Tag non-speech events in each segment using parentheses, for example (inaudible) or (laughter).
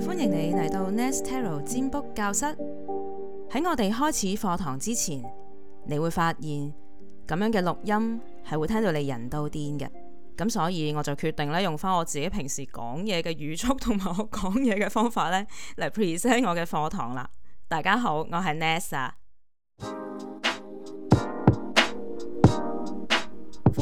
歡迎你嚟到 Nesta Tarot 佔卜教室。喺我哋開始課堂之前，你會發現咁樣嘅錄音係會聽到你人到癲嘅。咁所以我就決定咧用返我自己平時講嘢嘅語速同埋我講嘢嘅方法咧嚟 present 我嘅課堂啦。大家好，我係 Nesta 啊。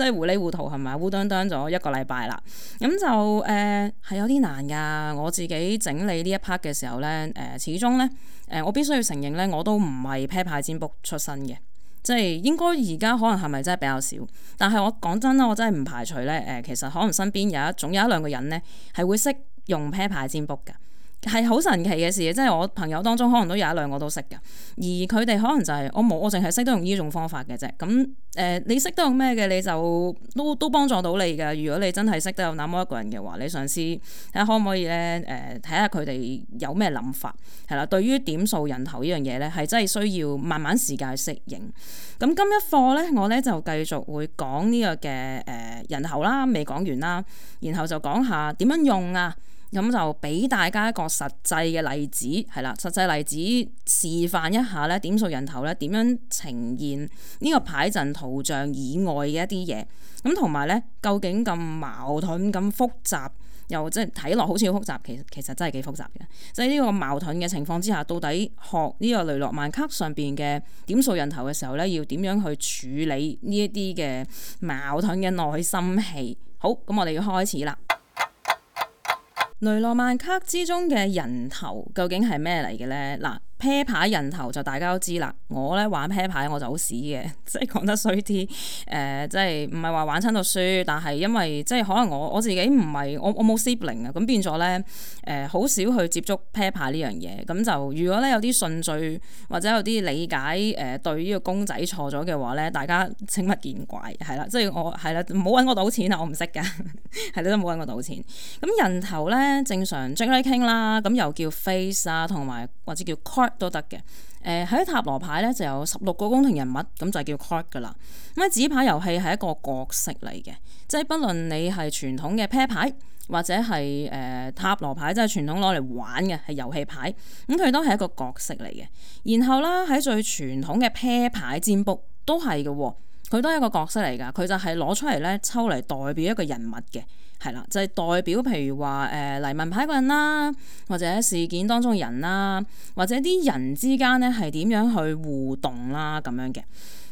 即係糊裡糊塗係咪啊？烏當當咗一個禮拜啦，咁就誒係、呃、有啲難㗎。我自己整理呢一 part 嘅時候咧，誒、呃、始終咧誒我必須要承認咧，我都唔係 pair 牌占卜出身嘅，即係應該而家可能係咪真係比較少。但係我講真啦，我真係唔排除咧誒、呃，其實可能身邊有一總有一兩個人咧係會識用 pair 牌占卜㗎。係好神奇嘅事，即係我朋友當中可能都有一兩個都識嘅，而佢哋可能就係我冇，我淨係識得用呢種方法嘅啫。咁、嗯、誒，你識得用咩嘅，你就都都幫助到你㗎。如果你真係識得有那麼一個人嘅話，你嘗試睇下可唔可以咧？誒、呃，睇下佢哋有咩諗法，係啦。對於點數人頭呢樣嘢咧，係真係需要慢慢時間去適應。咁、嗯、今一課咧，我咧就繼續會講呢個嘅誒、呃、人頭啦，未講完啦，然後就講下點樣用啊。咁就俾大家一個實際嘅例子，係啦，實際例子示範一下咧，點數人頭咧點樣呈現呢個牌陣圖像以外嘅一啲嘢？咁同埋咧，究竟咁矛盾咁複雜，又即係睇落好似好複雜，其實其實真係幾複雜嘅。即係呢個矛盾嘅情況之下，到底學呢個雷諾曼卡上邊嘅點數人頭嘅時候咧，要點樣去處理呢一啲嘅矛盾嘅內心戲？好，咁我哋要開始啦。雷諾曼卡之中嘅人頭究竟係咩嚟嘅咧？嗱。啤牌人頭就大家都知啦，我咧玩啤牌我就好屎嘅，即係講得衰啲，誒、呃、即係唔係話玩親到輸，但係因為即係可能我我自己唔係我我冇 sibling 啊，咁變咗咧誒好少去接觸啤牌呢樣嘢，咁就如果咧有啲順序或者有啲理解誒、呃、對呢個公仔錯咗嘅話咧，大家請勿見怪，係啦，即係我係啦，唔好揾我賭錢啊，我唔識㗎，係你都唔好揾我賭錢。咁人頭咧正常 JQK 啦，咁又叫 face 啊，同埋或者叫 coin。都得嘅，誒、呃、喺塔羅牌咧就有十六個宮廷人物，咁就叫 court 噶啦。咁喺紙牌遊戲係一個角色嚟嘅，即係不論你係傳統嘅啤牌或者係誒、呃、塔羅牌，即係傳統攞嚟玩嘅係遊戲牌，咁佢都係一個角色嚟嘅。然後啦喺最傳統嘅啤牌占卜都係嘅、哦，佢都係一個角色嚟噶，佢就係攞出嚟咧抽嚟代表一個人物嘅。係啦，就係代表，譬如話誒黎民牌嗰人啦，或者事件當中嘅人啦，或者啲人之間咧係點樣去互動啦咁樣嘅。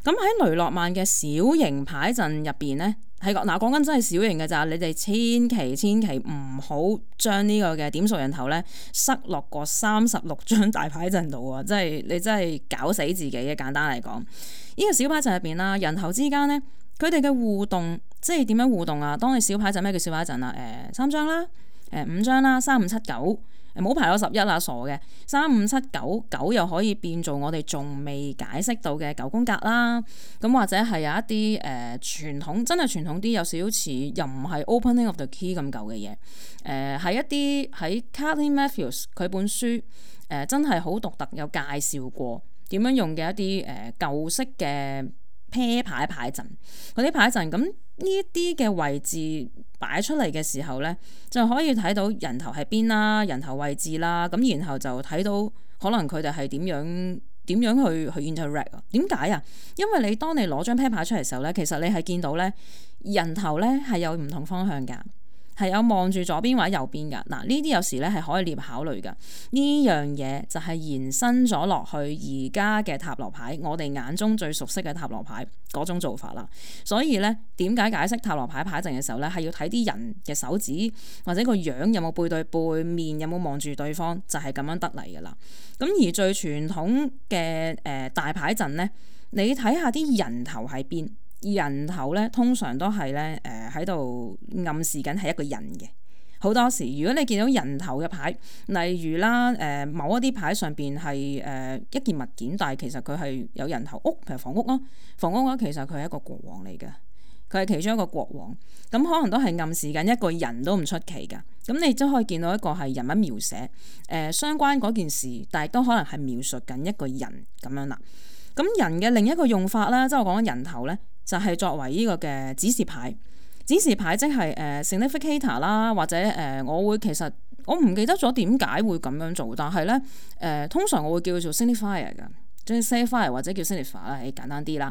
咁喺雷諾曼嘅小型牌陣入邊咧，係嗱講緊真係小型嘅咋，你哋千祈千祈唔好將呢個嘅點數人頭咧塞落個三十六張大牌陣度啊！即係你真係搞死自己嘅。簡單嚟講，呢個小牌陣入邊啦，人頭之間咧，佢哋嘅互動。即係點樣互動啊？當你小牌陣，咩叫小牌陣啊？誒、呃，三張啦，誒、呃，五張啦，三五七九誒，冇排到十一啦，傻嘅。三五七九九又可以變做我哋仲未解釋到嘅九宮格啦。咁、嗯、或者係有一啲誒傳統真係傳統啲，有少少似又唔係 Opening of the Key 咁舊嘅嘢。誒、呃，喺一啲喺 Carly Matthews 佢本書誒、呃，真係好獨特，有介紹過點樣用嘅一啲誒舊式嘅 pair 牌陣牌陣嗰啲牌陣咁。嗯呢啲嘅位置擺出嚟嘅時候咧，就可以睇到人頭喺邊啦，人頭位置啦，咁然後就睇到可能佢哋係點樣點樣去去 interact 啊？點解啊？因為你當你攞張 paper 出嚟嘅時候咧，其實你係見到咧人頭咧係有唔同方向㗎。係有望住左邊或者右邊噶，嗱，呢啲有時咧係可以列考慮噶。呢樣嘢就係延伸咗落去而家嘅塔羅牌，我哋眼中最熟悉嘅塔羅牌嗰種做法啦。所以咧，點解解釋塔羅牌牌陣嘅時候咧，係要睇啲人嘅手指或者個樣有冇背對背，面有冇望住對方，就係、是、咁樣得嚟噶啦。咁而最傳統嘅誒、呃、大牌陣咧，你睇下啲人頭喺邊。人頭咧，通常都係咧，誒喺度暗示緊係一個人嘅。好多時，如果你見到人頭嘅牌，例如啦，誒、呃、某一啲牌上邊係誒一件物件，但係其實佢係有人頭屋，譬如房屋咯、啊，房屋啦、啊，其實佢係一個國王嚟嘅，佢係其中一個國王。咁、嗯、可能都係暗示緊一個人都唔出奇噶。咁、嗯、你都可以見到一個係人物描寫，誒、呃、相關嗰件事，但係都可能係描述緊一個人咁樣啦。咁、嗯、人嘅另一個用法啦，即、就、係、是、我講人頭咧，就係作為呢個嘅指示牌，指示牌即係誒 significator 啦，呃、Sign ator，或者誒、呃、我會其實我唔記得咗點解會咁樣做，但係咧誒通常我會叫做 signifier 嘅，即係 signifier 或者叫 signifier 啦，誒簡單啲啦。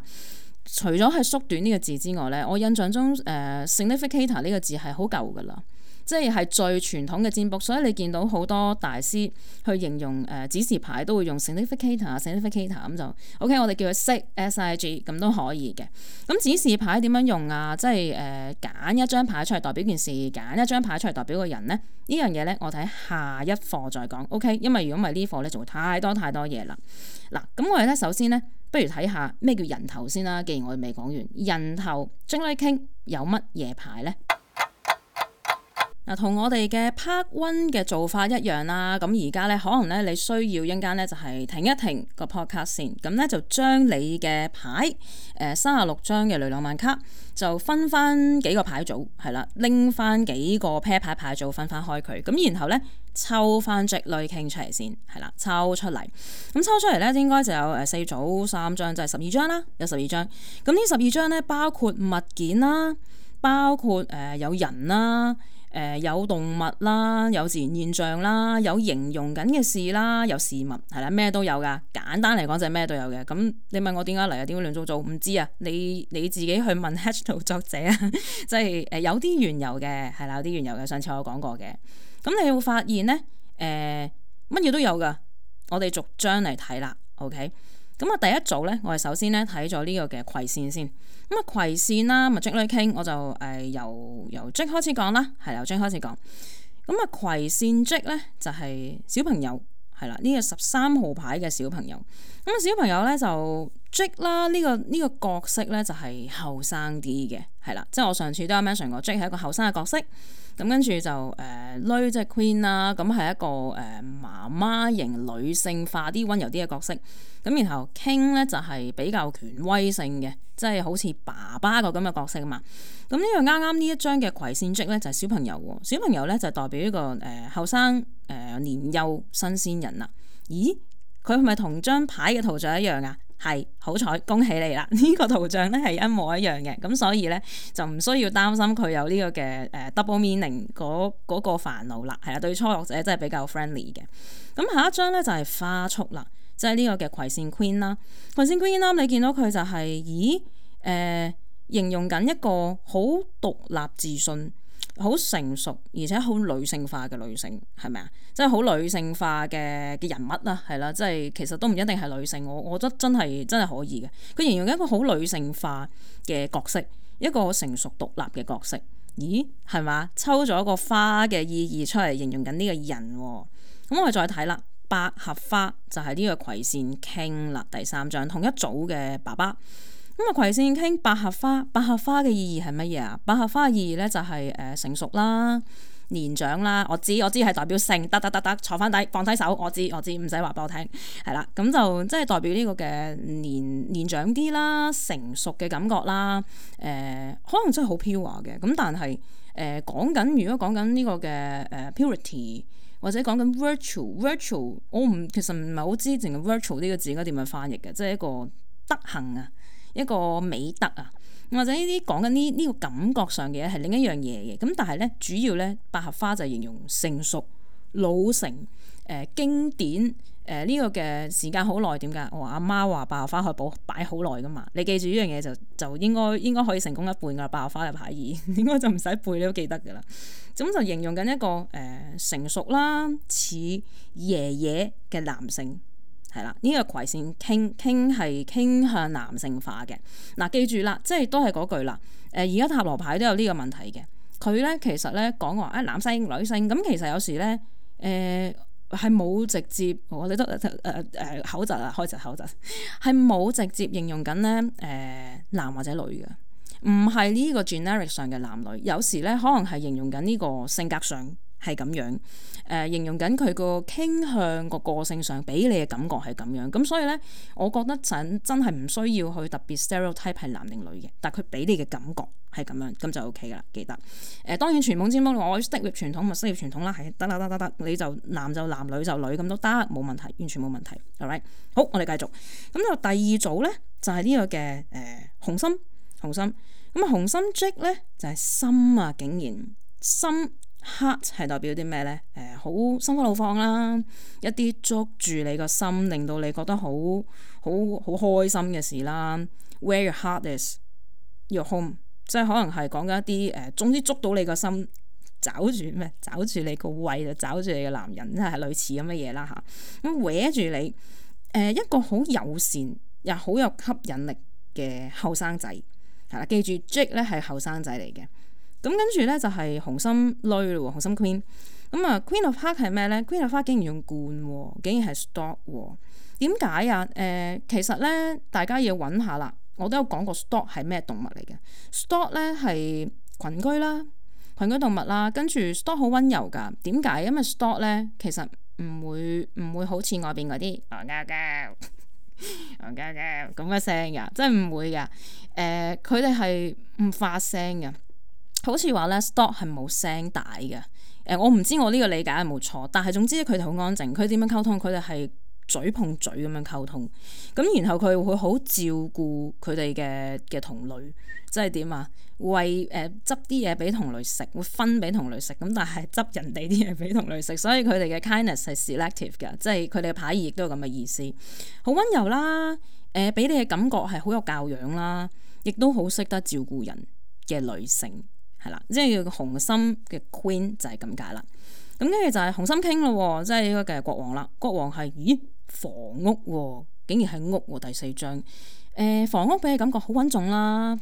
除咗係縮短呢個字之外咧，我印象中誒、呃、significator 呢個字係好舊㗎啦。即係係最傳統嘅占卜，所以你見到好多大師去形容誒、呃、指示牌都會用 Significator、Significator 咁就 O、okay, K，我哋叫佢識 S I G 咁都可以嘅。咁、嗯、指示牌點樣用啊？即係誒揀一張牌出嚟代表件事，揀一張牌出嚟代表個人呢樣呢樣嘢咧，我睇下一課再講 O K。Okay? 因為如果唔係呢課咧，就會太多太多嘢啦。嗱，咁我哋咧首先咧，不如睇下咩叫人頭先啦。既然我哋未講完人頭，精裏傾有乜嘢牌咧？嗱，同我哋嘅 part one 嘅做法一樣啦。咁而家咧，可能咧你需要一間咧就係停一停個 podcast 先。咁咧就將你嘅牌，誒三十六張嘅雷諾曼卡，就分翻幾個牌組，係啦，拎翻幾個 pair 牌牌組分翻開佢。咁然後咧抽翻積類傾出嚟先，係啦，抽出嚟。咁抽出嚟咧，應該就有誒四組三張，即係十二張啦，有十二張。咁呢十二張咧，包括物件啦，包括誒、呃、有人啦。誒、呃、有動物啦，有自然現象啦，有形容緊嘅事啦，有事物係啦，咩都有㗎。簡單嚟講就係咩都有嘅。咁你問我點解嚟啊？點解亂糟糟？唔知啊！你你自己去問 h a t c h 作者啊，即係誒有啲緣由嘅係啦，有啲緣由嘅。上次我講過嘅。咁你會發現咧誒，乜、呃、嘢都有㗎。我哋逐章嚟睇啦，OK。咁啊，第一組咧，我哋首先咧睇咗呢個嘅葵扇先。咁啊，葵扇啦，咪 Jack 傾，我就誒、呃、由由 Jack 開始講啦，係由 Jack 開始講。咁啊，葵扇 Jack 咧就係小朋友係啦，呢個十三號牌嘅小朋友。咁啊，這個、小朋友咧、那個、就。Jack 啦，呢、這個呢、這個角色咧就係後生啲嘅，係啦，即係我上次都有 mention 過，Jack 係一個後生嘅角色。咁跟住就誒，Lady、呃、Queen 啦，咁係一個誒媽媽型女性化啲温柔啲嘅角色。咁然後 King 咧就係比較權威性嘅，即係好似爸爸個咁嘅角色嘛。咁呢個啱啱呢一張嘅葵扇 Jack 咧就係小朋友，小朋友咧就代表一個誒後生誒年幼新鮮人啦。咦，佢係咪同張牌嘅圖像一樣啊？係好彩，恭喜你啦！呢個圖像咧係一模一樣嘅，咁所以咧就唔需要擔心佢有呢個嘅誒 double meaning 嗰嗰個煩惱啦。係啊，對初學者真係比較 friendly 嘅。咁下一張咧就係花束啦，即係呢個嘅葵扇 queen 啦、啊。葵扇 queen 啦，你見到佢就係以誒形容緊一個好獨立自信。好成熟而且好女性化嘅女性，係咪啊？即係好女性化嘅嘅人物啊，係啦，即係其實都唔一定係女性，我我覺得真係真係可以嘅。佢形容一個好女性化嘅角色，一個成熟獨立嘅角色。咦，係嘛？抽咗一個花嘅意義出嚟形容緊呢個人喎。咁我哋再睇啦，百合花就係呢個葵扇傾啦，第三章同一組嘅爸爸。咁啊！葵線傾百合花，百合花嘅意義係乜嘢啊？百合花嘅意義咧就係誒成熟啦、年長啦。我知我知係代表性。得得得得，坐翻底放低手。我知我知，唔使話俾我聽係啦。咁就即係代表呢個嘅年年長啲啦、成熟嘅感覺啦。誒、呃、可能真係好 pure 嘅咁，like, 但係誒講緊，如果講緊呢個嘅誒 purity 或者講緊 virtual virtual，我唔其實唔係好知淨係 virtual 呢個字應該點樣翻譯嘅，即係一個德行啊。一個美德啊，或者呢啲講緊呢呢個感覺上嘅嘢係另一樣嘢嘅，咁但係咧主要咧百合花就形容成熟、老成、誒、呃、經典，誒、呃、呢、這個嘅時間好耐，點解？我、哦、阿媽話百合花可以保擺好耐㗎嘛，你記住呢樣嘢就就應該應該可以成功一半㗎，百合花嘅牌意， (laughs) 應該就唔使背你都記得㗎啦。咁就形容緊一個誒、呃、成熟啦，似爺爺嘅男性。係啦，呢、這個葵線傾傾係傾向男性化嘅。嗱、啊，記住啦，即係都係嗰句啦。誒，而家塔羅牌都有呢個問題嘅。佢咧其實咧講話啊，男性女性咁，其實有時咧誒係冇直接我哋都誒誒口窒啊，開隻口窒，係冇直接形容緊咧誒男或者女嘅，唔係呢個 generic 上嘅男女。有時咧可能係形容緊呢個性格上係咁樣。誒、呃、形容緊佢個傾向個個性上，俾你嘅感覺係咁樣，咁所以咧，我覺得真真係唔需要去特別 stereotype 係男定女嘅，但係佢俾你嘅感覺係咁樣，咁就 OK 啦，記得。誒、呃、當然傳統之不，我 stick with 傳統，物色傳統啦，係得啦得得得，你就男就男女就女咁都得，冇問題，完全冇問題，係咪？好，我哋繼續。咁就第二組咧，就係、是、呢個嘅誒紅心紅心，咁啊紅心 Jack 咧就係、是、心啊，竟然心。Heart 係代表啲咩咧？誒、呃，好心花怒放啦，一啲捉住你個心，令到你覺得好好好開心嘅事啦。Where your heart is your home，即係可能係講緊一啲誒、呃，總之捉到你個心，找住咩？找住你個胃就找住你嘅男人，即係類似咁嘅嘢啦吓，咁搲住你，誒、呃、一個好友善又好有吸引力嘅後生仔，係啦，記住 Jig 咧係後生仔嚟嘅。咁跟住咧就係紅心類咯，紅心 queen 咁啊、嗯。Queen of heart 係咩咧？Queen of heart 竟然用罐，竟然係 stock 點解啊？誒、呃，其實咧大家要揾下啦。我都有講過，stock 係咩動物嚟嘅？stock 咧係群居啦，群居動物啦。跟住 stock 好溫柔㗎，點解？因為 stock 咧其實唔會唔會好似外邊嗰啲戇鳩嘅戇鳩嘅咁嘅聲㗎，即係唔會㗎。誒、呃，佢哋係唔發聲㗎。好似話咧 stork 係冇聲帶嘅。誒、呃，我唔知我呢個理解係冇錯，但係總之佢哋好安靜。佢點樣溝通？佢哋係嘴碰嘴咁樣溝通。咁然後佢會好照顧佢哋嘅嘅同類，即係點啊？喂誒，執啲嘢俾同類食，會分俾同類食。咁但係執人哋啲嘢俾同類食，所以佢哋嘅 kindness 係 selective 嘅，即係佢哋嘅牌意亦都有咁嘅意思。好溫柔啦，誒、呃，俾你嘅感覺係好有教養啦，亦都好識得照顧人嘅女性。係啦，即係叫紅心嘅 queen 就係咁解啦。咁跟住就係紅心傾咯，即係呢個嘅國王啦。國王係咦房屋、哦，竟然係屋、哦、第四章誒、呃，房屋俾你感覺好穩重啦、啊。誒、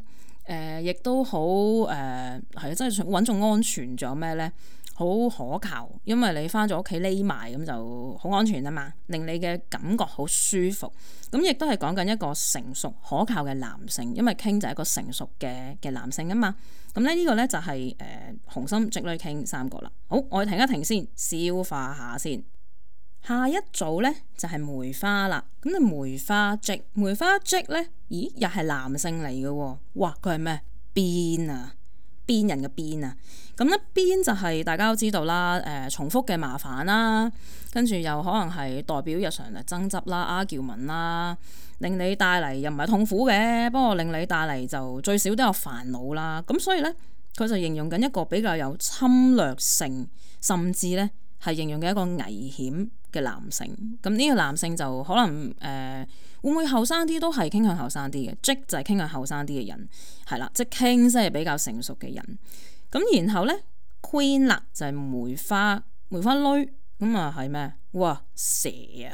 呃，亦都好誒，係真係穩重安全。仲有咩咧？好可靠，因為你翻咗屋企匿埋咁就好安全啊嘛，令你嘅感覺好舒服。咁亦都係講緊一個成熟可靠嘅男性，因為傾就係一個成熟嘅嘅男性啊嘛。咁呢呢個呢、就是，就係誒紅心積女傾三個啦。好，我停一停先，消化下先。下一組呢，就係、是、梅花啦。咁你梅花積，梅花積呢，咦又係男性嚟嘅喎。哇，佢係咩？鞭啊！邊人嘅邊啊？咁咧邊就係大家都知道啦，誒、呃、重複嘅麻煩啦，跟住又可能係代表日常嘅爭執啦、argument 啦，令你帶嚟又唔係痛苦嘅，不過令你帶嚟就最少都有煩惱啦。咁所以咧，佢就形容緊一個比較有侵略性，甚至咧係形容嘅一個危險。嘅男性，咁呢個男性就可能誒、呃、會唔會後生啲都係傾向後生啲嘅，即就係傾向後生啲嘅人，係啦，即傾即係比較成熟嘅人。咁然後咧，Queen 啦就係梅花梅花女，咁啊係咩？哇蛇啊，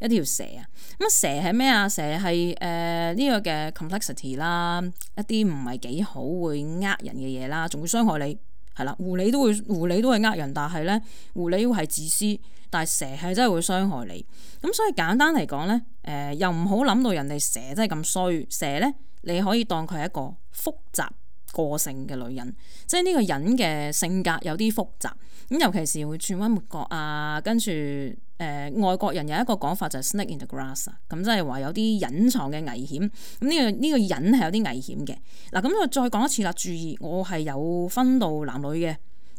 一條蛇啊，咁蛇係咩啊？蛇係誒呢個嘅 complexity 啦，一啲唔係幾好會呃人嘅嘢啦，仲會傷害你。係啦，狐狸都會狐狸都會呃人，但係咧狐狸會係自私，但係蛇係真係會傷害你。咁所以簡單嚟講咧，誒、呃、又唔好諗到人哋蛇真係咁衰，蛇咧你可以當佢係一個複雜個性嘅女人，即係呢個人嘅性格有啲複雜，咁尤其是會轉彎抹角啊，跟住誒、呃、外國人有一個講法就係 snake in the grass 啊，咁即係話有啲隱藏嘅危險，咁呢個呢個人係有啲危險嘅。嗱，咁我再講一次啦，注意我係有分到男女嘅。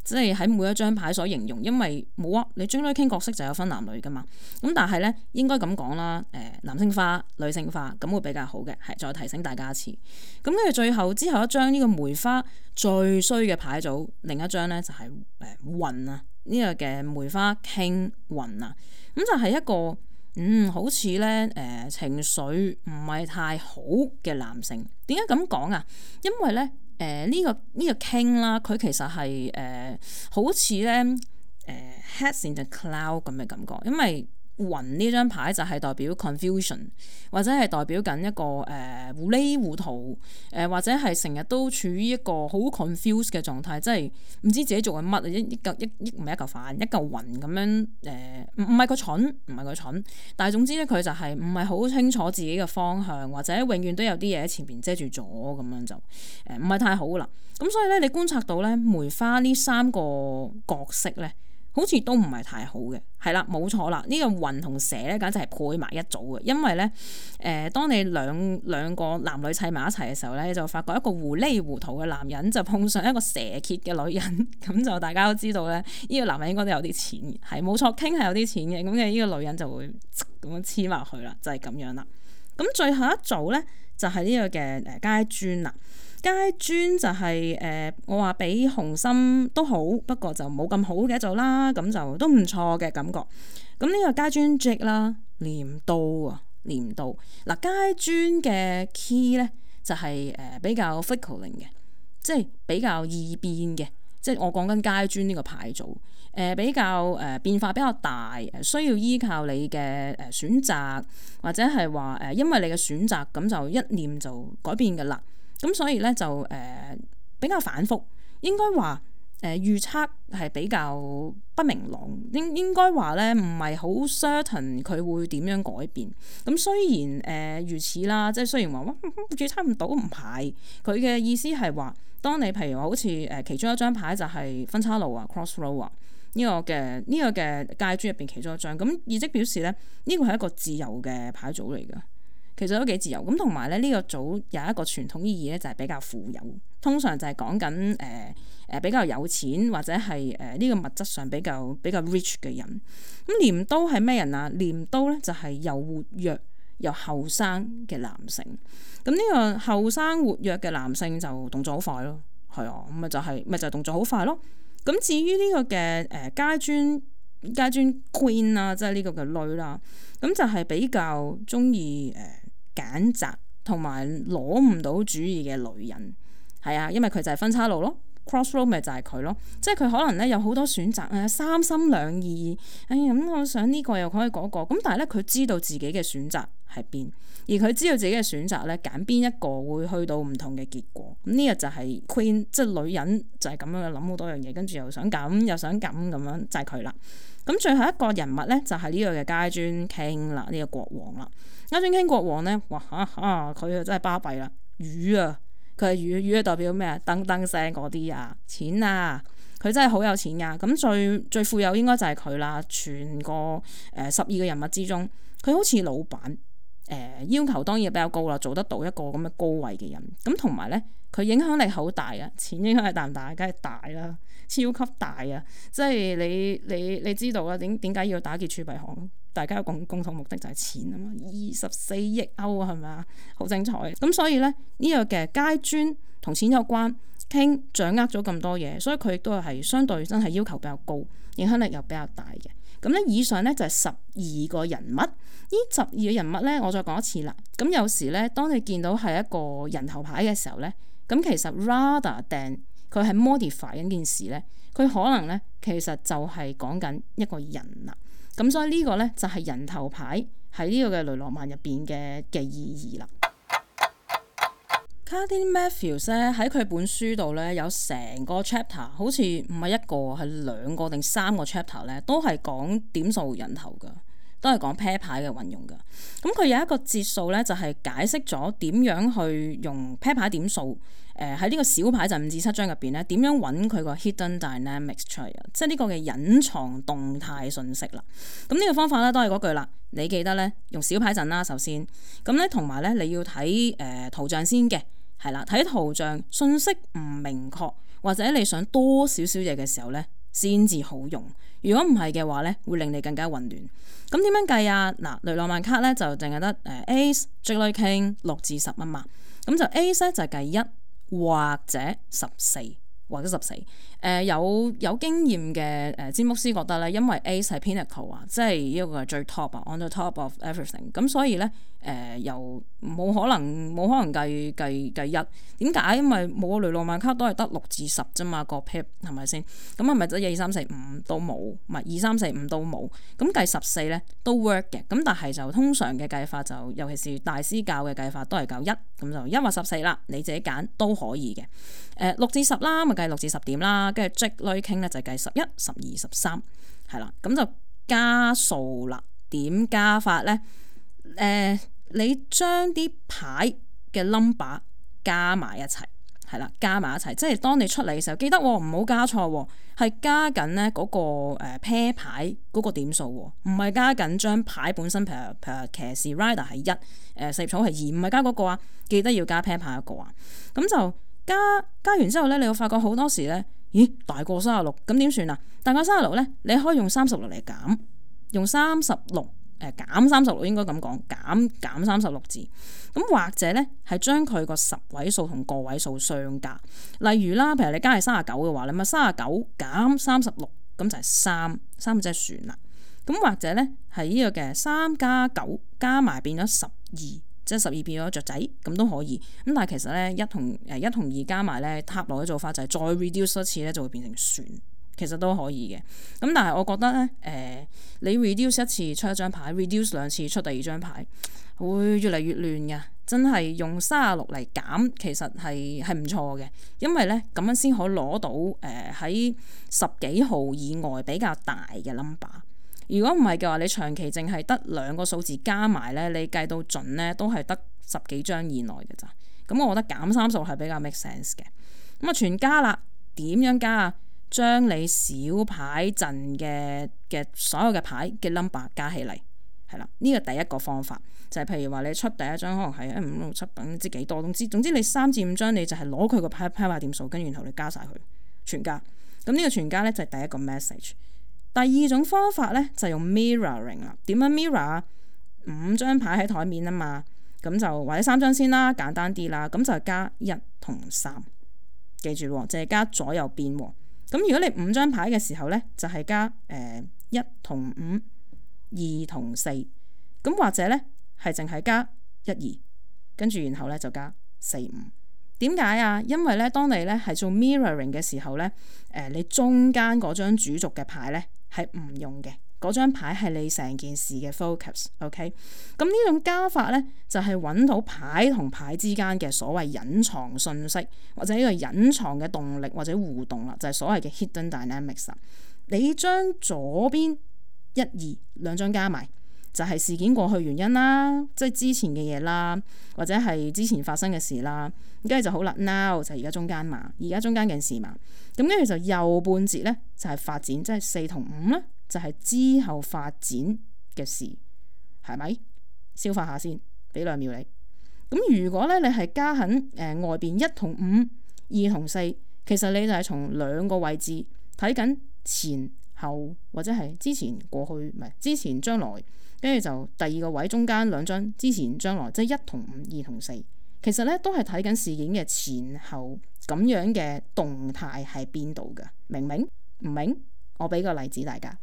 即係喺每一張牌所形容，因為冇啊，你 Joker 角色就有分男女噶嘛。咁但係咧，應該咁講啦，誒男性化、女性化，咁會比較好嘅，係再提醒大家一次。咁跟住最後之後一張呢個梅花最衰嘅牌組，另一張咧就係、是、誒、呃、雲啊，呢、這個嘅梅花 King 雲啊，咁就係一個嗯好似咧誒情緒唔係太好嘅男性。點解咁講啊？因為咧。誒呢、呃這個呢個 King 啦，佢、這個、其實係誒、呃、好似咧誒《呃、Heads in the Cloud》咁嘅感覺，因為。雲呢張牌就係代表 confusion，或者係代表緊一個誒、呃、糊裏糊塗，誒、呃、或者係成日都處於一個好 confused 嘅狀態，即係唔知自己做緊乜，一一嚿一唔係一嚿飯，一嚿雲咁樣誒，唔唔係個蠢，唔係個蠢，但係總之咧佢就係唔係好清楚自己嘅方向，或者永遠都有啲嘢喺前面遮住咗咁樣就誒、呃，唔係太好啦。咁所以咧，你觀察到咧梅花呢三個角色咧。好似都唔係太好嘅，係啦，冇錯啦，呢個雲同蛇咧，簡直係配埋一組嘅，因為咧，誒、呃，當你兩兩個男女砌埋一齊嘅時候咧，你就發覺一個糊裡糊塗嘅男人就碰上一個蛇蠍嘅女人，咁 (laughs) 就大家都知道咧，呢、這個男人應該都有啲錢，係冇錯傾係有啲錢嘅，咁嘅呢個女人就會咁樣黐埋去啦，就係、是、咁樣啦。咁最後一組咧，就係呢個嘅誒階磚啦。街磚就係、是、誒、呃，我話比紅心都好，不過就冇咁好嘅一組啦。咁就都唔錯嘅感覺。咁、嗯、呢、這個街磚 J 啦，念到啊，念到。嗱、就是。街磚嘅 key 咧就係誒比較 fickling 嘅，即係比較易變嘅。即係我講緊街磚呢個牌組誒、呃，比較誒、呃、變化比較大，需要依靠你嘅誒選擇，或者係話誒，因為你嘅選擇咁就一念就改變嘅啦。咁所以咧就誒、呃、比較反覆，應該話誒、呃、預測係比較不明朗，應應該話咧唔係好 certain 佢會點樣改變。咁、嗯、雖然誒、呃、如此啦，即係雖然話、嗯嗯、預測唔到唔排，佢嘅意思係話，當你譬如話好似誒其中一張牌就係分叉路啊、crossroad 啊呢個嘅呢、呢個嘅界珠入邊其中一張，咁意即表示咧呢個係一個自由嘅牌組嚟嘅。其實都幾自由咁，同埋咧呢、呢個組有一個傳統意義咧，就係比較富有，通常就係講緊誒誒比較有錢或者係誒呢個物質上比較比較 rich 嘅人。咁、嗯、鐮刀係咩人啊？鐮刀咧就係又活躍又後生嘅男性。咁、嗯、呢、呢個後生活躍嘅男性就動作好快，啊就是就是就是、快咯，係、嗯呃、啊，咁咪就係咪就係動作好快咯。咁至於呢個嘅誒階磚階磚 queen 啊，即係呢個嘅女啦，咁就係、是、比較中意誒。呃揀擇同埋攞唔到主意嘅女人，係啊，因為佢就係分叉路咯，crossroad 咪就係佢咯，即係佢可能咧有好多選擇啊，三心兩意，哎咁我想呢個又可以嗰個，咁但係咧佢知道自己嘅選擇係邊，而佢知道自己嘅選擇咧揀邊一個會去到唔同嘅結果，咁呢個就係 queen，即係女人就係咁樣諗好多樣嘢，跟住又想咁又想咁咁樣，就係佢啦。咁最後一個人物咧就係呢個嘅街尊 king 啦，呢個國王啦。啱先傾國王咧，哇啊，佢啊真係巴閉啦，魚啊，佢係魚，魚代表咩啊？噔噔聲嗰啲啊，錢啊，佢真係好有錢噶，咁最最富有應該就係佢啦，全個誒十二個人物之中，佢好似老闆。誒、呃、要求當然比較高啦，做得到一個咁嘅高位嘅人，咁同埋咧佢影響力好大啊，錢影響力大唔大？梗係大啦，超級大啊！即係你你你知道啊，點點解要打劫儲備行？大家共共同目的就係錢啊嘛，二十四億歐啊，係咪？好精彩！咁、嗯、所以咧呢、這個嘅階磚同錢有關，傾掌握咗咁多嘢，所以佢都係相對真係要求比較高，影響力又比較大嘅。咁咧，以上咧就係十二個人物。呢十二個人物咧，我再講一次啦。咁有時咧，當你見到係一個人頭牌嘅時候咧，咁其實 rather than 佢係 modify 嗰件事咧，佢可能咧其實就係講緊一個人啦。咁所以呢個咧就係人頭牌喺呢個嘅雷諾曼入邊嘅嘅意義啦。Cardin Matthews 咧喺佢本書度咧有成個 chapter，好似唔係一個係兩個定三個 chapter 咧，都係講點數人頭噶，都係講 pair 牌嘅運用噶。咁佢有一個節數咧就係解釋咗點樣去用 pair 牌點數誒喺呢個小牌就五至七張入邊咧，點樣搵佢個 hidden dynamics t r 出啊，即係呢個嘅隱藏動態信息啦。咁呢個方法咧都係嗰句啦，你記得咧用小牌陣啦，首先咁咧同埋咧你要睇誒圖像先嘅。係啦，睇圖像信息唔明確，或者你想多少少嘢嘅時候呢，先至好用。如果唔係嘅話呢，會令你更加混亂。咁點樣計啊？嗱，雷諾曼卡呢，就淨係得誒 A、J、K、六至十啊嘛，咁就 Ace 呢就計一或者十四。或者十四，誒、uh，有有經驗嘅誒占卜師覺得咧，因為 Ace 係 Pinnacle 啊，即係一個最 top 啊，on the top of everything，咁、嗯、所以咧誒、嗯、又冇可能冇可能計計計一，點解？因為冇雷諾曼卡都係得六至十啫嘛，個 pip 係咪先？咁係咪即係一二三四五都冇？唔係二三四五都冇，咁計十四咧都 work 嘅，咁但係就通常嘅計法就，尤其是大師教嘅計法都係計一，咁就一或十四啦，你自己揀都可以嘅。誒六至十啦，咪計六至十點啦，跟住 J Q K 咧就係計十一、十二、十三，係啦，咁就加數啦。點加法咧？誒、呃，你將啲牌嘅 number 加埋一齊，係啦，加埋一齊。即係當你出嚟嘅時候，記得唔好、哦、加錯，係加緊咧嗰個 pair 牌嗰個點數，唔係加緊張牌本身。譬如譬如騎士 Rider 係一、呃，誒四葉草係二，唔係加嗰、那個啊。記得要加 pair、那個、牌一個啊，咁、嗯、就。加加完之後咧，你會發覺好多時咧，咦，大過三十六，咁點算啊？大過三十六咧，你可以用三十六嚟減，用三十六誒減三十六，減應該咁講，減減三十六字。咁或者咧係將佢個十位數同個位數相加，例如啦，譬如你加係三十九嘅話，你咪三十九減三十六，咁就係三三隻船啦。咁或者咧係呢個嘅三加九加埋變咗十二。即係十二變咗雀仔咁都可以，咁但係其實咧一同誒一同二加埋咧塔羅嘅做法就係再 reduce 一次咧就會變成船，其實都可以嘅。咁但係我覺得咧誒、呃、你 reduce 一次出一張牌，reduce 兩次出第二張牌會越嚟越亂嘅。真係用卅六嚟減其實係係唔錯嘅，因為咧咁樣先可以攞到誒喺、呃、十幾號以外比較大嘅 number。如果唔係嘅話，你長期淨係得兩個數字加埋咧，你計到準咧，都係得十幾張以內嘅咋。咁我覺得減三數係比較 make sense 嘅。咁啊，全加啦，點樣加啊？將你小牌陣嘅嘅所有嘅牌嘅 number 加起嚟，係啦。呢個第一個方法就係譬如話你出第一張，可能係一五六七等唔知幾多，總之總之你三至五張你就係攞佢個牌牌碼點數，跟住然後你加晒佢全加。咁呢個全加咧就係第一個 message。第二種方法咧就是、用 mirroring 啦。點樣 mirroring？五張牌喺台面啊嘛，咁就或者三張先啦，簡單啲啦。咁就加一同三，記住淨係、就是、加左右邊。咁如果你五張牌嘅時候咧，就係、是、加誒一同五、二同四。咁或者咧係淨係加一二，跟住然後咧就加四五。點解啊？因為咧當你咧係做 mirroring 嘅時候咧，誒、呃、你中間嗰張主軸嘅牌咧。係唔用嘅，嗰張牌係你成件事嘅 focus，OK？咁呢種加法呢，就係揾到牌同牌之間嘅所謂隱藏信息，或者呢個隱藏嘅動力或者互動啦，就係所謂嘅 hidden dynamics。你將左邊一二兩張加埋，就係事件過去原因啦，即係之前嘅嘢啦，或者係之前發生嘅事啦，跟住就好啦。Now 就係而家中間嘛，而家中間嘅事嘛。咁跟住就右半截呢，就係發展，即係四同五咧，就係之後發展嘅事，係咪？消化下先，俾兩秒你。咁如果咧，你係加緊誒外邊一同五、二同四，其實你就係從兩個位置睇緊前後或者係之前過去唔係之前將來，跟住就第二個位中間兩張之前將來即係一同五、二同四，其實呢，都係睇緊事件嘅前後。咁樣嘅動態係邊度㗎？明唔明？唔明？我俾個例子大家。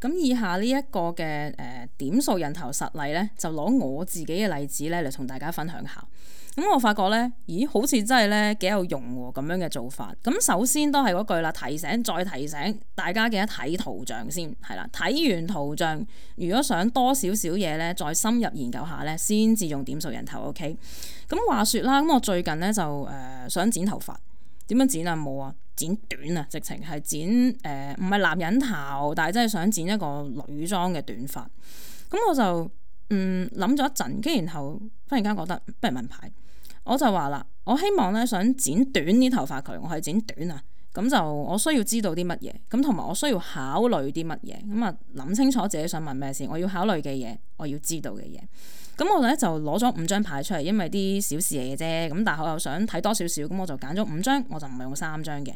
咁以下呢一個嘅誒、呃、點數人頭實例呢，就攞我自己嘅例子呢嚟同大家分享下。咁我發覺咧，咦，好似真係咧幾有用喎，咁樣嘅做法。咁首先都係嗰句啦，提醒再提醒大家記得睇圖像先係啦。睇完圖像，如果想多少少嘢咧，再深入研究下咧，先至用點數人頭。OK。咁話說啦，咁我最近咧就誒、呃、想剪頭髮，點樣剪啊？冇啊，剪短啊，直情係剪誒唔係男人頭，但係真係想剪一個女裝嘅短髮。咁我就嗯諗咗一陣，跟住然後忽然間覺得不如問牌。我就話啦，我希望咧想剪短啲頭髮佢，我係剪短啊，咁就我需要知道啲乜嘢，咁同埋我需要考慮啲乜嘢，咁啊諗清楚自己想問咩事，我要考慮嘅嘢，我要知道嘅嘢，咁我咧就攞咗五張牌出嚟，因為啲小事嚟嘅啫，咁但係我又想睇多少少，咁我就揀咗五張，我就唔係用三張嘅，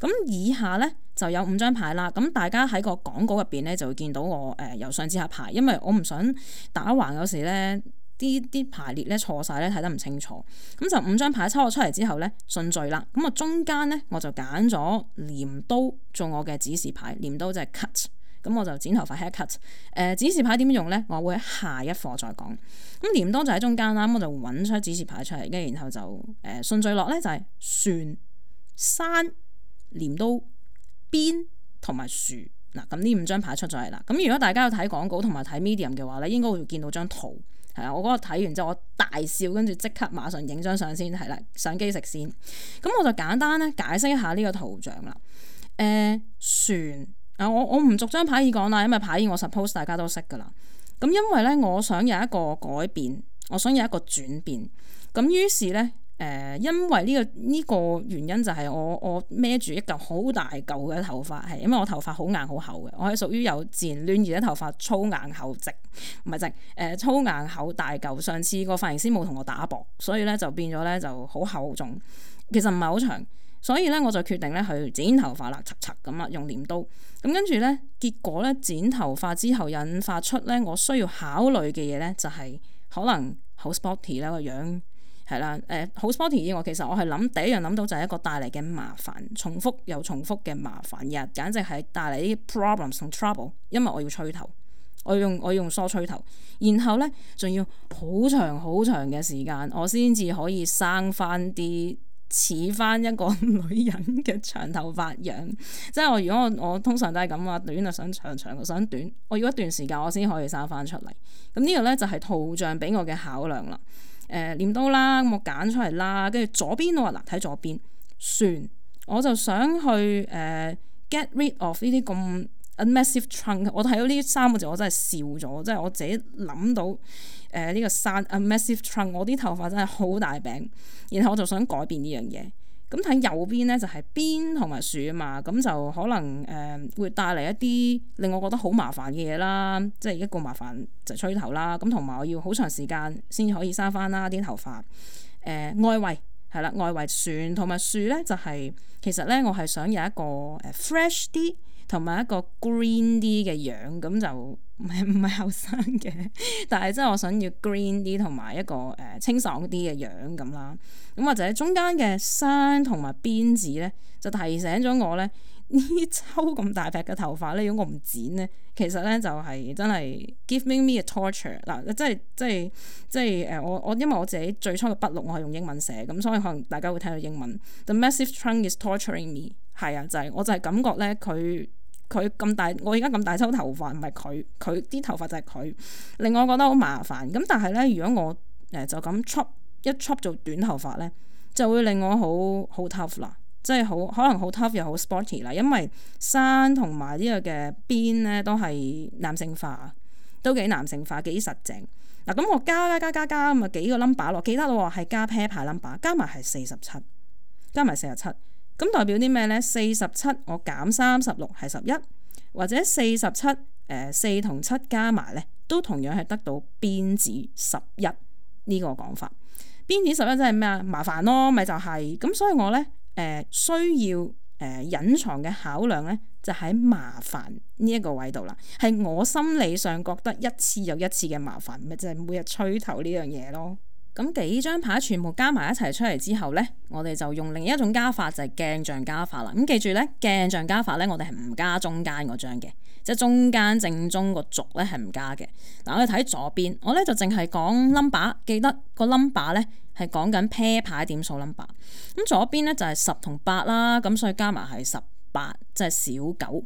咁以下咧就有五張牌啦，咁大家喺個廣告入邊咧就會見到我誒由上至下排，因為我唔想打橫，有時咧，啲啲排列咧錯晒咧睇得唔清楚，咁就五張牌抽咗出嚟之後咧順序啦，咁啊中間咧我就揀咗鐮刀做我嘅指示牌，鐮刀就係 cut，咁我就剪頭髮 head cut，誒、呃、指示牌點用咧，我會喺下一課再講，咁鐮刀就喺中間啦，咁我就揾出指示牌出嚟，跟住然後就誒、呃、順序落咧就係、是、船、山、鐮刀、邊同埋樹。嗱，咁呢五張牌出咗嚟啦。咁如果大家有睇廣告同埋睇 Medium 嘅話咧，應該會見到張圖係啊。我嗰個睇完之後，我大笑，跟住即刻馬上影張相先睇啦，相機食先。咁我就簡單咧解釋一下呢個圖像啦。誒，算啊，我我唔逐張牌義講啦，因為牌義我 suppose 大家都識㗎啦。咁因為咧，我想有一個改變，我想有一個轉變。咁於是咧。誒，因為呢、呢個呢、呢個原因就係我我孭住一嚿好大嚿嘅頭髮，係因為我頭髮好硬好厚嘅，我係屬於有自然亂住嘅頭髮，粗硬厚直，唔係直，誒、呃、粗硬厚大嚿。上次個髮型師冇同我打薄，所以咧就變咗咧就好厚重，其實唔係好長，所以咧我就決定咧去剪頭髮啦，拆拆咁啊，用剪刀。咁跟住咧，結果咧剪頭髮之後引發出咧我需要考慮嘅嘢咧，就係可能好 sporty 啦個樣。係啦，誒，好 sporty 以外，其實我係諗第一樣諗到就係一個帶嚟嘅麻煩，重複又重複嘅麻煩日，簡直係帶嚟啲 problems 同 trouble，因為我要吹頭，我要用我要用梳吹頭，然後咧仲要好長好長嘅時間，我先至可以生翻啲似翻一個女人嘅長頭髮樣。即係我如果我我通常都係咁話，短就想長，長就想短，我要一段時間我先可以生翻出嚟。咁呢個咧就係圖像俾我嘅考量啦。誒劍、呃、刀啦，咁我揀出嚟啦，跟住左邊喎嗱，睇左邊算我就想去誒、呃、get rid of 呢啲咁 a massive trunk。我睇到呢三個字，我真係笑咗，即係我自己諗到誒呢、呃、這個山 a massive trunk，我啲頭髮真係好大餅，然後我就想改變呢樣嘢。咁睇右邊咧就係船同埋樹啊嘛，咁就可能誒、呃、會帶嚟一啲令我覺得好麻煩嘅嘢啦，即係一個麻煩就吹頭啦，咁同埋我要好長時間先可以生返啦啲頭髮。誒、呃、外圍係啦，外圍船同埋樹咧就係、是、其實咧我係想有一個誒 fresh 啲。呃同埋一個 green 啲嘅樣咁就唔係唔係後生嘅，但係真係我想要 green 啲同埋一個誒、呃、清爽啲嘅樣咁啦。咁或者中間嘅山同埋辮子咧，就提醒咗我咧呢抽咁大撇嘅頭髮咧，如果我唔剪咧，其實咧就係、是、真係 giving me, me a torture 嗱、呃，即係即係即係誒、呃、我我因為我自己最初嘅筆錄我係用英文寫咁，所以可能大家會聽到英文 The massive trunk is torturing me 係啊，就係、是、我就係感覺咧佢。佢咁大，我而家咁大抽頭髮唔係佢，佢啲頭髮就係佢。令我覺得好麻煩。咁但係咧，如果我誒就咁 cut 一 cut 做短頭髮咧，就會令我好好 tough 啦，即係好可能好 tough 又好 sporty 啦。因為衫同埋呢個嘅邊咧都係男性化，都幾男性化，幾實淨。嗱、啊、咁我加加加加加咁啊幾個 number 落，記得喎係加 pair 排 number，加埋係四十七，加埋四十七。咁代表啲咩咧？四十七我減三十六係十一，或者四十七，誒四同七加埋咧，都同樣係得到邊子十一呢個講法。邊子十一即係咩啊？麻煩咯，咪就係、是、咁。所以我咧誒、呃、需要誒、呃、隱藏嘅考量咧，就喺麻煩呢一個位度啦。係我心理上覺得一次又一次嘅麻煩，咪就係、是、每日吹頭呢樣嘢咯。咁幾張牌全部加埋一齊出嚟之後呢，我哋就用另一種加法，就係鏡像加法啦。咁記住呢，鏡像加法呢，我哋係唔加中間嗰張嘅，即係中間正中個軸呢係唔加嘅。嗱，我哋睇左邊，我呢就淨係講 number，記得個 number 呢係講緊啤牌點數 number。咁左邊呢就係十同八啦，咁所以加埋係十八，即係小九。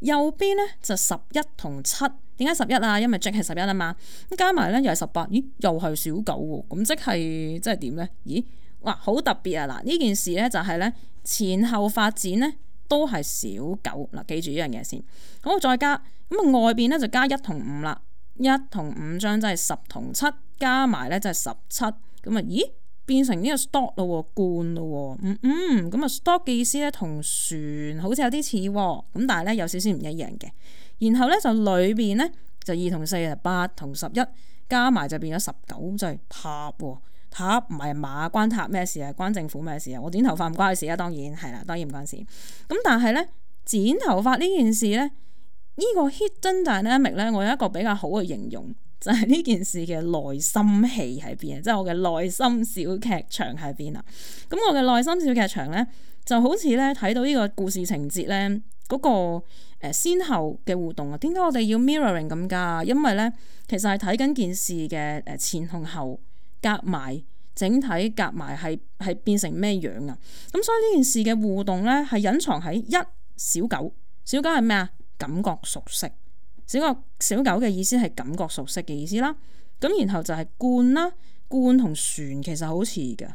右邊呢就十一同七。點解十一啊？因為 Jack 係十一啊嘛，咁加埋咧又係十八，咦？又係小狗喎、啊，咁即係即係點咧？咦？哇，好特別啊！嗱，呢件事咧就係咧前後發展咧都係小狗嗱，記住依樣嘢先。咁我再加，咁啊外邊咧就加一同五啦，一同五張即係十同七，加埋咧就係十七，咁啊咦？變成呢個 stock 咯喎，罐咯喎，嗯嗯，咁、嗯、啊 stock 嘅意思咧同船好似有啲似，咁但係咧有少少唔一樣嘅。然後咧就裏邊咧就二同四係八同十一加埋就變咗十九，就係塔喎、啊。塔唔係馬關塔咩事啊？關政府咩事啊？我剪頭髮唔關事啊，當然係啦，當然唔關事。咁但係咧剪頭髮呢件事咧，呢、這個 hidden dynamic 咧，我有一個比較好嘅形容，就係、是、呢件事嘅內心戲喺邊啊，即係我嘅內心小劇場喺邊啊。咁我嘅內心小劇場咧就好似咧睇到呢個故事情節咧嗰、那個。誒，先後嘅互動啊？點解我哋要 mirroring 咁㗎？因為咧，其實係睇緊件事嘅誒前同後，夾埋整體夾埋係係變成咩樣啊？咁所以呢件事嘅互動咧係隱藏喺一小狗，小狗係咩啊？感覺熟悉，小個小狗嘅意思係感覺熟悉嘅意思啦。咁然後就係罐啦，罐同船其實好似嘅。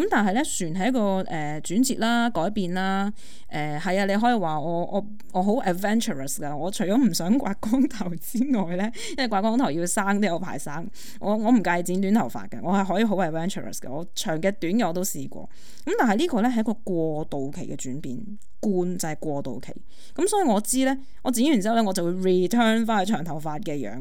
咁但係咧，船係一個誒轉、呃、折啦、改變啦，誒、呃、係啊，你可以話我我我好 adventurous 噶，我除咗唔想刮光頭之外咧，因為刮光頭要生都有排生，我我唔介意剪短頭髮嘅，我係可以好 adventurous 嘅，我長嘅短嘅我都試過。咁但係呢個咧係一個過渡期嘅轉變，觀就係過渡期。咁所以我知咧，我剪完之後咧，我就會 return 翻去長頭髮嘅樣。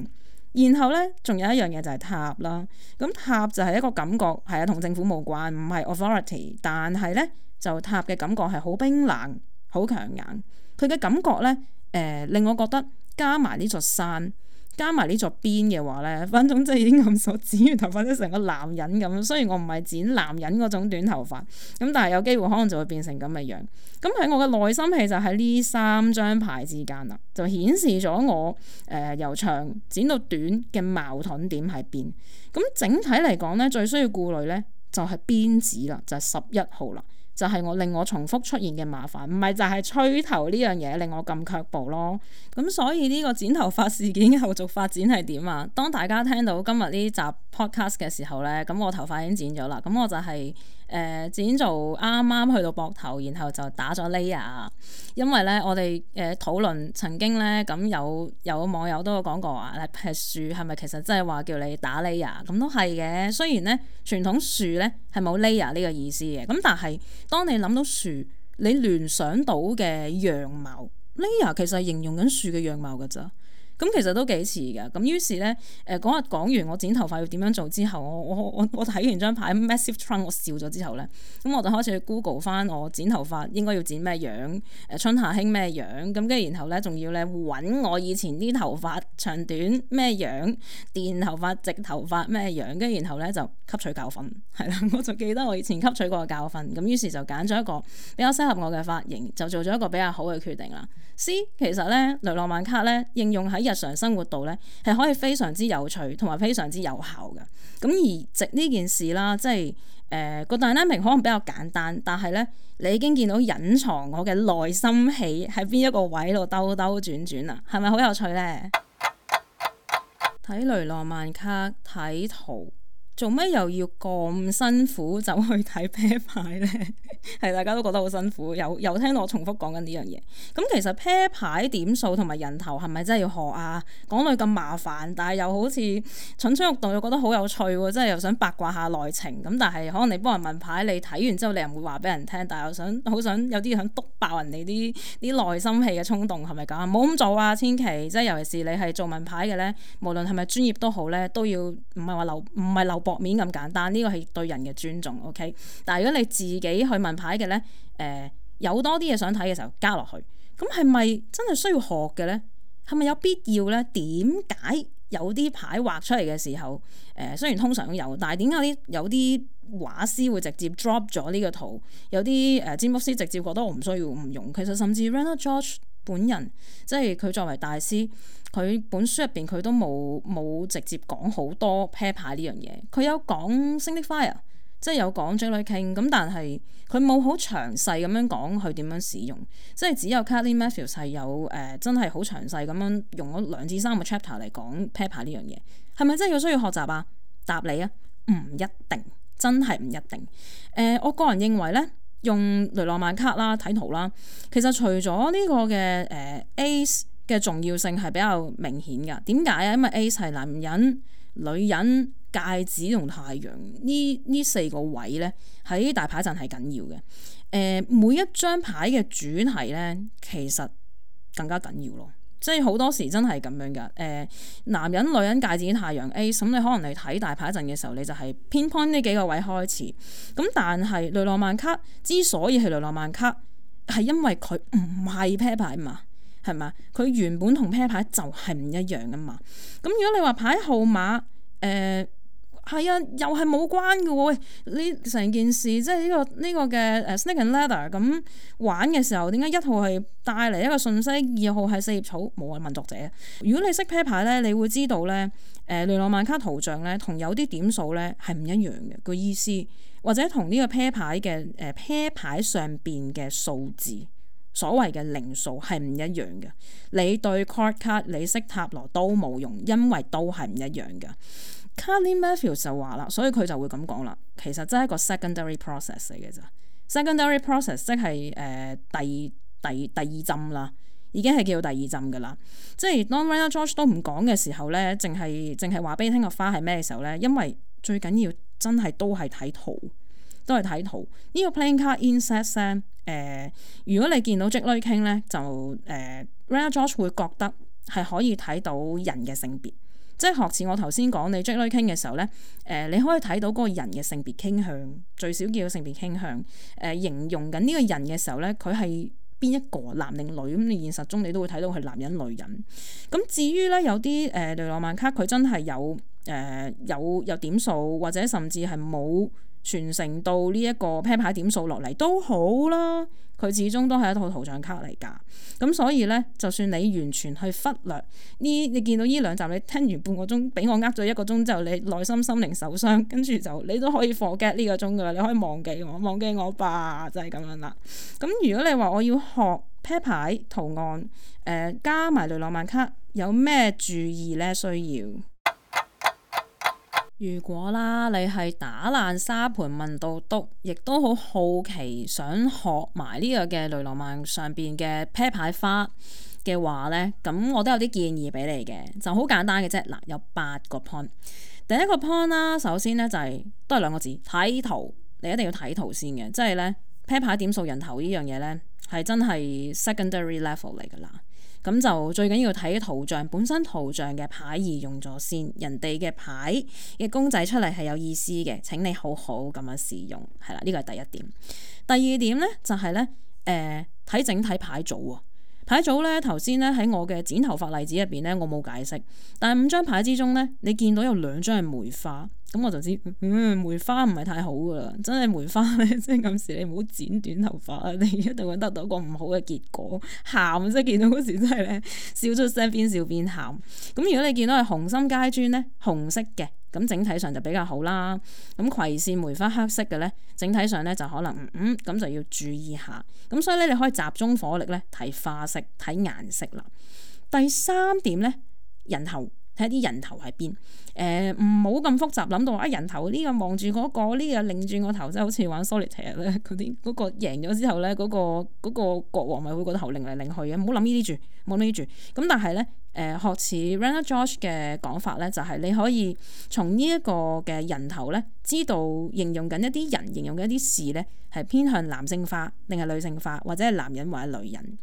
然後咧，仲有一樣嘢就係塔啦。咁塔就係一個感覺，係啊，同政府無關，唔係 authority。但係咧，就塔嘅感覺係好冰冷、好強硬。佢嘅感覺咧，誒、呃，令我覺得加埋呢座山。加埋呢座邊嘅話呢，分分鐘真係已經按所剪完頭髮，即係成，成個男人咁。雖然我唔係剪男人嗰種短頭髮，咁但係有機會可能就會變成咁嘅樣。咁喺我嘅內心戲就喺、是、呢三張牌之間啦，就顯示咗我誒、呃、由長剪到短嘅矛盾點喺邊。咁整體嚟講呢，最需要顧慮呢就係邊紙啦，就係十一號啦。就係我令我重複出現嘅麻煩，唔係就係吹頭呢樣嘢令我咁卻步咯。咁所以呢個剪頭髮事件嘅後續發展係點啊？當大家聽到今日呢集 podcast 嘅時候呢，咁我頭髮已經剪咗啦，咁我就係、是。誒剪、呃、做啱啱去到膊頭，然後就打咗 layer。因為咧，我哋誒討論曾經咧，咁、嗯、有有網友都有講過話，劈樹係咪其實真係話叫你打 layer？咁都係嘅。雖然咧傳統樹咧係冇 layer 呢 lay、er、個意思嘅，咁但係當你諗到樹，你聯想到嘅樣貌，layer 其實係形容緊樹嘅樣貌㗎咋。咁其實都幾遲㗎，咁於是咧，誒嗰日講完我剪頭髮要點樣做之後，我我我我睇完張牌 massive trunk，我笑咗之後咧，咁我就開始去 Google 返我剪頭髮應該要剪咩樣，誒春夏興咩樣，咁跟住然後咧，仲要咧揾我以前啲頭髮長短咩樣，電頭髮直頭髮咩樣，跟住然後咧就吸取教訓，係啦，我就記得我以前吸取過嘅教訓，咁於是就揀咗一個比較適合我嘅髮型，就做咗一個比較好嘅決定啦。C 其實咧，雷諾曼卡咧應用喺，日常生活度咧，係可以非常之有趣同埋非常之有效嘅。咁而值呢件事啦，即係誒個帶領可能比較簡單，但係咧你已經見到隱藏我嘅內心戲喺邊一個位度兜兜轉轉啊，係咪好有趣呢？睇 (noise) 雷諾曼卡睇圖，做咩又要咁辛苦走去睇啤牌呢？ (laughs) 係大家都覺得好辛苦，又又聽我重複講緊呢樣嘢。咁其實啤牌點數同埋人頭係咪真係要學啊？講到咁麻煩，但係又好似蠢蠢欲動，又覺得好有趣喎！即係又想八卦下內情咁，但係可能你幫人問牌，你睇完之後你又唔會話俾人聽，但係又想好想有啲想督爆人哋啲啲內心戲嘅衝動係咪咁啊？冇咁做啊！千祈即係尤其是你係做問牌嘅咧，無論係咪專業都好咧，都要唔係話留唔係留薄面咁簡單。呢個係對人嘅尊重。OK，但係如果你自己去問，近排嘅咧，誒、呃、有多啲嘢想睇嘅時候加落去，咁係咪真係需要學嘅咧？係咪有必要咧？點解有啲牌畫出嚟嘅時候，誒、呃、雖然通常都有，但係點解啲有啲畫師會直接 drop 咗呢個圖？有啲誒占卜師直接覺得我唔需要唔用。其實甚至 Renaud George 本人，即係佢作為大師，佢本書入邊佢都冇冇直接講好多 pair 牌呢樣嘢。佢有講 signifier 即係有講姐女傾咁，但係佢冇好詳細咁樣講佢點樣使用，即係只有 Caitlin Matthews 係有誒、呃，真係好詳細咁樣用咗兩至三個 chapter 嚟講 paper 呢樣嘢，係咪真係要需要學習啊？答你啊，唔一定，真係唔一定。誒、呃，我個人認為咧，用雷諾曼卡啦睇圖啦，其實除咗呢個嘅誒、呃、Ace 嘅重要性係比較明顯㗎，點解啊？因為 Ace 係男人、女人。戒指同太陽呢呢四個位呢，喺大牌陣係緊要嘅。誒，每一張牌嘅主題呢，其實更加緊要咯。即係好多時真係咁樣噶。誒，男人女人戒指太陽 A，咁你可能你睇大牌陣嘅時候，你就係 pinpoint 呢幾個位開始。咁但係雷諾曼卡之所以係雷諾曼卡，係因為佢唔係啤牌嘛，係咪？佢原本同啤牌就係唔一樣噶嘛。咁如果你話牌號碼，誒、呃。係啊，又係冇關嘅喎。喂，呢成件事即係呢、呢個呢、呢個嘅 snake and ladder 咁玩嘅時候，點解一號係帶嚟一個訊息，二號係四葉草冇問問讀者。如果你識啤牌咧，你會知道咧誒、呃、雷諾曼卡圖像咧同有啲點數咧係唔一樣嘅個意思，或者同呢個啤牌嘅誒啤牌上邊嘅數字所謂嘅零數係唔一樣嘅。你對 card 卡，你識塔羅都冇用，因為都係唔一樣嘅。Carly Matthews 就話啦，所以佢就會咁講啦。其實真係一個 secondary process 嚟嘅咋。secondary process 即係誒、呃、第第第二針啦，已經係叫第二針噶啦。即係當 Rena George 都唔講嘅時候咧，淨係淨係話俾你聽個花係咩嘅時候咧？因為最緊要真係都係睇圖，都係睇圖。呢、這個 playing card inset 咧、呃，誒，如果你見到 jelly king 咧，就誒、呃、Rena George 會覺得係可以睇到人嘅性別。即係學似我頭先講你 Jelly 傾嘅時候咧，誒、呃、你可以睇到嗰個人嘅性別傾向，最少叫性別傾向。誒、呃、形容緊呢個人嘅時候咧，佢係邊一個男定女？咁你現實中你都會睇到佢男人女人。咁至於咧，有啲誒對浪漫卡，佢真係有誒、呃、有有點數，或者甚至係冇。傳承到呢一個啤牌點數落嚟都好啦，佢始終都係一套圖像卡嚟㗎。咁所以呢，就算你完全去忽略呢，你見到呢兩集，你聽完半個鐘，俾我呃咗一個鐘之後，你內心心靈受傷，跟住就你都可以 forget 呢個鐘㗎啦。你可以忘記我，忘記我吧，就係、是、咁樣啦。咁如果你話我要學啤牌圖案，呃、加埋雷諾曼卡，有咩注意呢？需要？如果啦，你係打爛沙盤問到篤，亦都好好奇想學埋呢個嘅雷羅曼上邊嘅 pair 牌花嘅話呢，咁我都有啲建議俾你嘅，就好簡單嘅啫。嗱，有八個 point。第一個 point 啦，首先呢就係，都係兩個字，睇圖。你一定要睇圖先嘅，即係呢 pair 牌點數人頭呢樣嘢呢，係真係 secondary level 嚟噶啦。咁就最緊要睇圖像本身圖像嘅牌意用咗先，人哋嘅牌嘅公仔出嚟係有意思嘅，請你好好咁樣使用。係啦，呢個係第一點。第二點呢，就係、是、呢，誒、呃、睇整體牌組。牌組呢，頭先呢喺我嘅剪頭髮例子入邊呢，我冇解釋，但係五張牌之中呢，你見到有兩張係梅花。咁我就知，嗯，梅花唔係太好噶啦，真係梅花咧，即 (laughs) 係今時你唔好剪短頭髮啊！你一定會得到一個唔好嘅結果，喊啊！即係見到嗰時真係咧笑出聲，邊笑邊喊。咁如果你見到係紅心階磚咧，紅色嘅，咁整體上就比較好啦。咁葵扇梅花黑色嘅咧，整體上咧就可能嗯，咁就要注意下。咁所以咧你可以集中火力咧睇花色睇顏色啦。第三點咧，人頭。睇啲人頭喺邊，誒唔好咁複雜，諗到啊人頭呢個望住嗰個，呢、這個擰轉個頭，即係好似玩 solitaire 咧，嗰啲嗰個贏咗之後咧，嗰、那個嗰、那個、國王咪會個頭擰嚟擰去嘅，唔好諗呢啲住，冇、呃、諗呢啲住。咁但係咧，誒學似 Rana Josh 嘅講法咧，就係、是、你可以從呢一個嘅人頭咧，知道形容緊一啲人，形容緊一啲事咧，係偏向男性化定係女性化，或者係男人或者女人。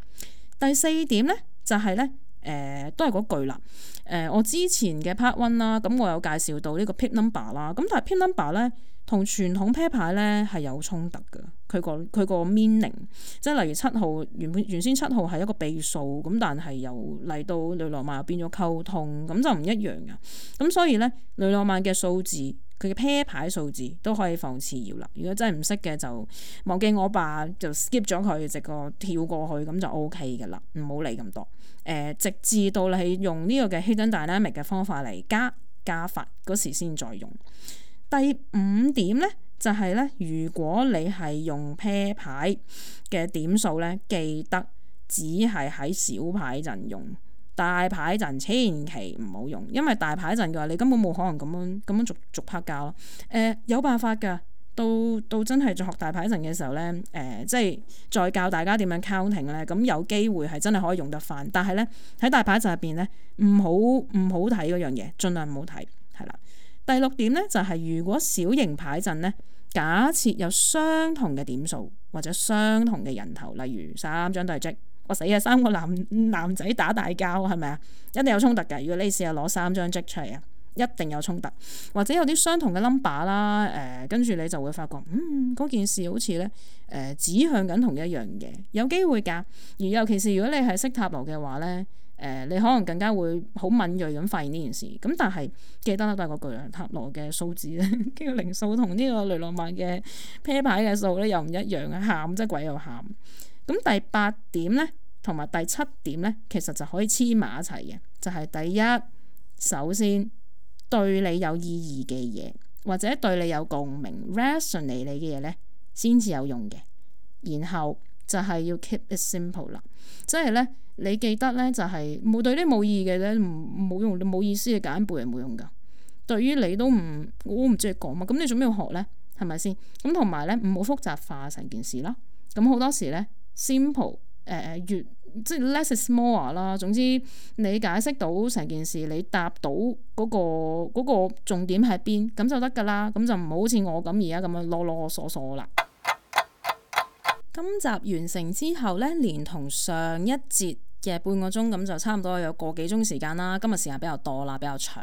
第四點咧，就係、是、咧。誒、呃、都係嗰句啦，誒、呃、我之前嘅 part one 啦，咁我有介紹到呢個 pip number 啦，咁但係 pip number 咧同傳統 pair 牌咧係有衝突嘅，佢個佢個 meaning，即係例如七號原本原先七號係一個秘數，咁但係又嚟到雷諾曼又變咗溝通，咁就唔一樣嘅，咁所以咧雷諾曼嘅數字。佢嘅 pair 牌數字都可以放次要啦。如果真係唔識嘅就忘記，我爸就 skip 咗佢，直個跳過去咁就 OK 㗎啦，唔好理咁多。誒、呃，直至到你用呢個嘅 Hidden Dynamic 嘅方法嚟加加法嗰時先再用。第五點咧就係、是、咧，如果你係用 pair 牌嘅點數咧，記得只係喺小牌陣用。大牌陣千祈唔好用，因為大牌陣嘅話，你根本冇可能咁樣咁樣逐逐拍教咯、呃。有辦法㗎，到到真係學大牌陣嘅時候呢，誒、呃、即係再教大家點樣 counting 呢，咁有機會係真係可以用得翻。但係呢，喺大牌陣入邊呢，唔好唔好睇嗰樣嘢，儘量唔好睇，係啦。第六點呢，就係、是、如果小型牌陣呢，假設有相同嘅點數或者相同嘅人頭，例如三張都係 J。我死啊！三個男男仔打大交係咪啊？一定有衝突㗎。如果你試下攞三張積出嚟啊，一定有衝突。或者有啲相同嘅 number 啦，誒、呃，跟住你就會發覺，嗯，嗰件事好似咧誒指向緊同一樣嘅，有機會㗎。而尤其是如果你係識塔羅嘅話咧，誒、呃，你可能更加會好敏鋭咁發現呢件事。咁但係記得啦、那個，大嗰句塔羅嘅數字咧，呢 (laughs) 個零數同呢個雷諾曼嘅啤牌嘅數咧又唔一樣啊！喊即係鬼又喊。咁第八點咧，同埋第七點咧，其實就可以黐埋一齊嘅，就係第一首先對你有意義嘅嘢，或者對你有共鳴 rationally 你嘅嘢咧，先至有用嘅。然後就係要 keep it simple 啦，即係咧你記得咧就係冇對啲冇意義嘅咧，唔冇用冇意思嘅揀背係冇用噶。對於你都唔我唔中意講嘛，咁你做咩要學咧？係咪先？咁同埋咧唔好複雜化成件事啦。咁好多時咧～Simple，誒、呃、越即係 less is more 啦，總之你解釋到成件事，你答到嗰、嗰個嗰個重點喺邊，咁就得㗎啦，咁就唔好好似我咁而家咁樣囉囉嗦嗦啦。今集完成之後咧，連同上一節。半個鐘咁就差唔多有個幾鐘時，時間啦。今日時間比較多啦，比較長。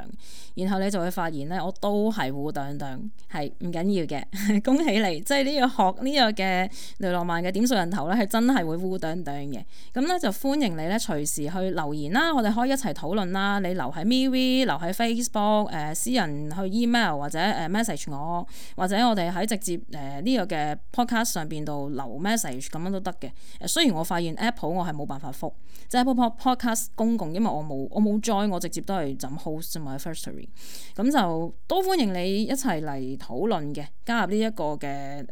然後你就會發現咧，我都頂頂係烏噹噹，係唔緊要嘅，恭喜你。即係呢個學呢、這個嘅雷諾曼嘅點數人頭咧，係真係會烏噹噹嘅。咁、嗯、咧就歡迎你咧隨時去留言啦，我哋可以一齊討論啦。你留喺 MeWe 留喺 Facebook，誒、呃、私人去 email 或者誒、呃、message 我，或者我哋喺直接誒呢、呃這個嘅 podcast 上邊度留 message 咁樣都得嘅。雖然我發現 Apple 我係冇辦法覆。即係 pop podcast 公共，因為我冇我冇 join，我直接都係就咁 host 啫嘛。First 咁就多歡迎你一齊嚟討論嘅，加入呢一個嘅誒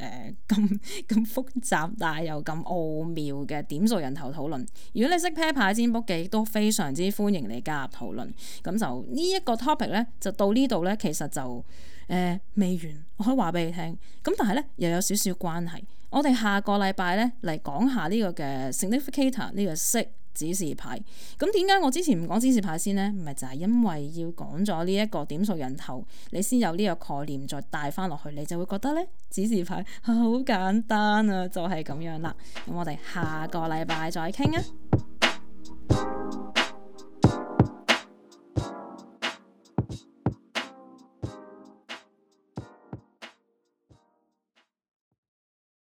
咁咁複雜，但係又咁奧妙嘅點數人頭討論。如果你識 paper 占卜，亦都非常之歡迎你加入討論。咁就呢一、呢個 topic 咧，就到呢度咧，其實就誒、呃、未完，我可以話俾你聽。咁但係咧又有少少關係，我哋下個禮拜咧嚟講下呢個嘅 significator 呢個式。指示牌，咁點解我之前唔講指示牌先呢？唔係就係因為要講咗呢一個點數人頭，你先有呢個概念，再帶翻落去，你就會覺得呢指示牌好簡單啊，就係咁樣啦。咁我哋下個禮拜再傾啊！